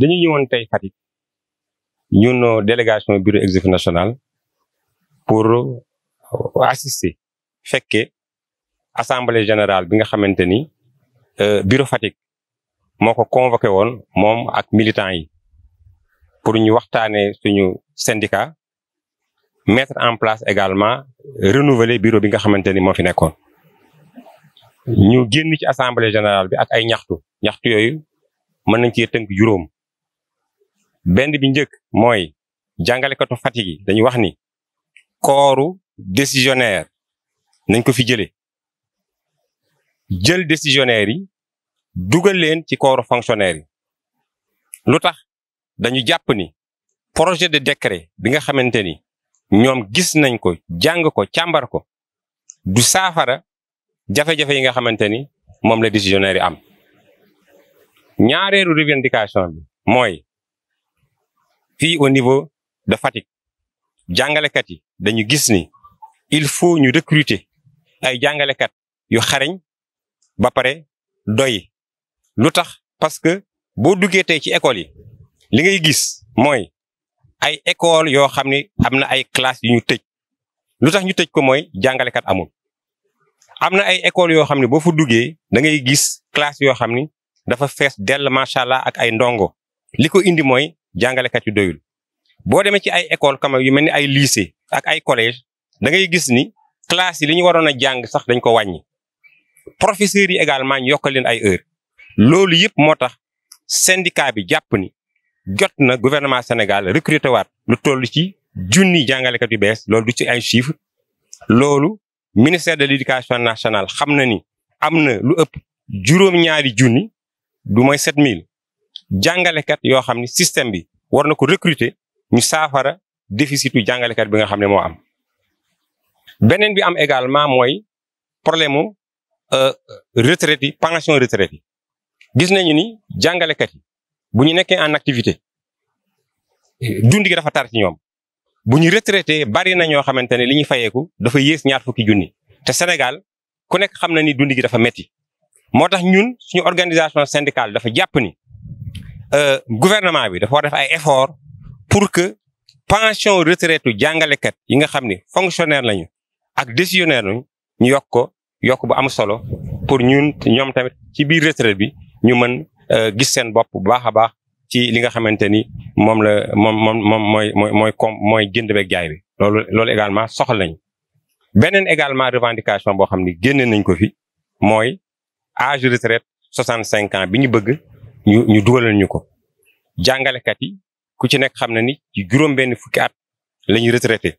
dañu ñëwoon tey Fatick ñun délégation bureau exécutif national pour assister fekkee assemblée générale bi nga xamante ni euh, bureau Fatick moo ko convoqué woon moom ak militants yi pour ñu waxtaanee suñu syndicat mettre en place également renouveler bureau bi nga xamante ni moo fi nekkoon ñu génn ci assemblée général bi ak ay ñaxtu ñaxtu yooyu mën nañ cee tënk juróom benn bi njëkk mooy jàngalekatu Fatick yi dañuy wax ni kooru décisionnaire nañ ko fi jëlee jël décisionnaire yi dugal leen ci kooru fonctionnaire yi lu tax dañu jàpp ni projet de décret bi nga xamante ni ñoom gis nañ ko jàng ko càmbar ko du saafara jafe-jafe yi nga xamante ni moom la décisionnaire yi am ñaareelu revendication mooy fii au niveau de Fatick jàngalekat yi dañu gis ni il faut ñu recruter ay jàngalekat yu xarañ ba pare doy lu tax parce que boo duggee tey ci école yi li ngay gis mooy ay école yoo xam ni am na ay classe yu ñu tëj lu tax ñu tëj ko mooy jàngalekat amul am na ay école yoo xam ne boo fa duggee da ngay gis classe yoo xam ni dafa fees dell macha allah ak ay ndongo li ko indi mooy jàngalekat yu doyul boo demee ci ay école kama yu mel ni ay lycée ak ay collège da ngay gis ni classe yi li ñu waroon a jàng sax dañ ko wàññi professeurs yi également ñu yokkal ay heures loolu yëpp moo tax syndicat bi jàpp ni jot na gouvernement Sénégal recruté waat lu toll ci junni jàngalekat yu bees loolu du ci ay chiffres loolu ministère de l'éducation nationale xam na ni am na lu ëpp juróom-ñaari junni du mooy 7000 jàngalekat yoo xam ni système bi war na ko recruter ñu saafara déficitu jàngalekat bi nga xam ne moo am. beneen bi am également mooy problème mu euh, retraite yi pension retraite gis nañu ni jàngalekat yi. bu ñu nekkee en activité dund gi dafa tar ci ñoom bu ñu retraité bari na ñoo xamante ne li ñu fayeeku dafa yées ñaar fukki junni te Sénégal ku nekk xam na ni dund gi dafa metti moo tax ñun suñu organisation syndicale dafa jàpp ni euh, gouvernement bi dafa war def ay effort pour que pension retraite jàngalekat yi nga xam ni fonctionnaire lañu ak décisionnaire lañu ñu yokk ko yokk bu am solo pour ñun tamit ci biir retraite bi ñu mën. Euh, gis seen bopp bu baax a baax ci li nga xamante ni moom la moom moom moom mooy mooy mooy comme mooy jënd beeg jaay bi loolu également soxal nañu. beneen également revendication boo xam ni génne nañ ko fi mooy âge de retraite soixante cinq ans bi ñu bëgg ñu ñu dugalal ñu ko jàngalekat yi ku ci nekk xam na ni ci juróom-benn fukki at la ñuy retraité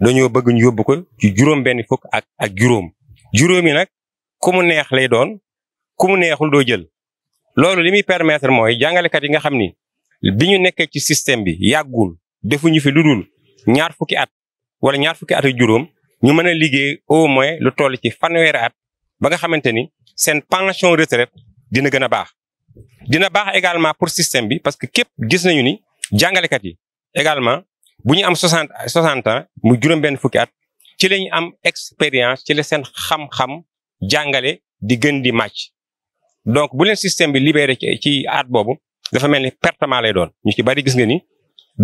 dañoo bëgg ñu yóbbu ci juróom-benn fukk ak ak juróom juróomi nag ku neex lay doon ku neexul doo jël loolu li muy permettre mooy jàngalekat yi nga xam ni bi ñu nekkee ci système bi yàggul defuñu fi lu dul ñaar fukki at wala ñaar fukki at ak juróom ñu mën a liggéey au moins lu tool ci fanweeri at ba nga xamante ni seen pension retraite dina gën a baax. dina baax également pour système bi parce que képp gis nañu ni jàngalekat yi également bu ñu am 60 60 ans mu juróom-benn fukki at ci la am expérience ci la seen xam-xam jàngale di gën di màcc. donc bu leen système bi libéré ci aat boobu dafa mel ni pertement lay doon ñu ci bari gis nga ni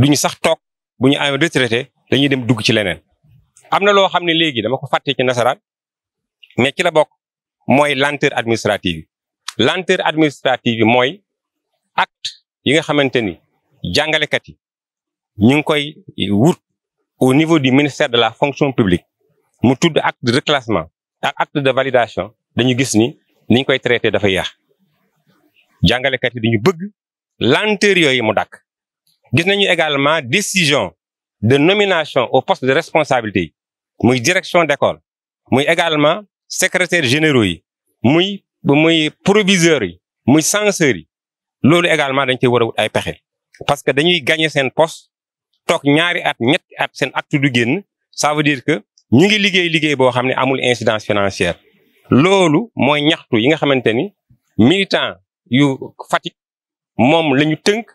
du ñu sax toog bu ñu amee retraité dañuy dem dugg ci leneen. am na loo xam ne léegi dama ko fàtte ci nasaraan mais ci la bokk mooy lenteur administrative yi lenteur administrative yi mooy acte yi nga xamante ni jàngalekat yi ñu ngi koy wut au niveau du ministère de la fonction publique mu tudd acte de reclassement ak acte de validation dañu gis ni. ni koy traité dafa yéex jàngalekat yi ñu bëgg lenteur yooyu mu dàkk gis nañu également décision de nomination au poste de responsabilité yi muy direction d'école muy également secrétaire généraux yi muy muy proviseurs yi muy censeurs yi loolu également dañ koy war wut ay pexe parce que dañuy gañe seen post toog ñaari at ñett at seen acte du génn ça veut que ñu ngi liggéey liggéey boo xam ne amul insidence financière loolu mooy ñaxtu yi nga xamante ni militant yu Fatick moom la ñu tënk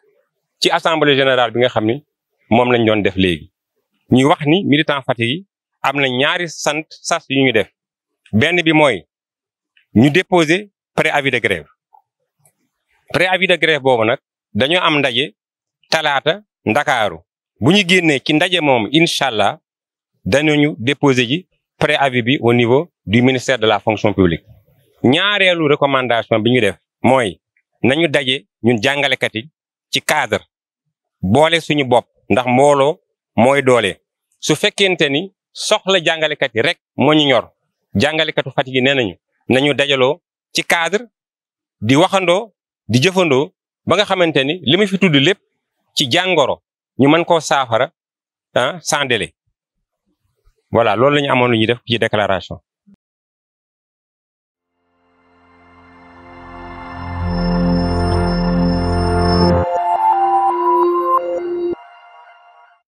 ci assemblée générale bi nga xam ni moom lañ doon def léegi ñuy wax ni militant Fatick yi am na ñaari sant sas yu ñu def benn bi mooy ñu déposé déposer préavis de grève préavis de grève boobu nag dañoo am ndaje talaata ndakaaru bu ñu génnee ci ndaje moom incha allah dañoo ñu ji préavis bi au niveau du ministère de la fonction publique ñaareelu recommandation bi ñu def mooy nañu daje ñu jàngalekat yi ci cadre boole suñu bopp ndax mbooloo mooy doole su fekkente ni soxla jàngalekat yi rek moo ñu ñor jàngalekatu Fatick yi nee nañu nañu dajaloo ci cadre di waxandoo di jëfandoo ba nga xamante ni li mu fi tudd lépp ci jàngoro ñu mën koo saafara ah sans délai voilà loolu la ñu amoon def ci déclaration